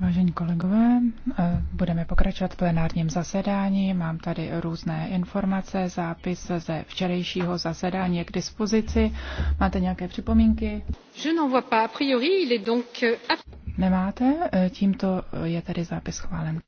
Vážení kolegové, eh, budeme pokračovat v plenárním zasedání. Mám tady různé informace, zápis ze včerejšího zasedání je k dispozici. Máte nějaké připomínky? Eh, Nemáte? Eh, tímto je tedy zápis schválen.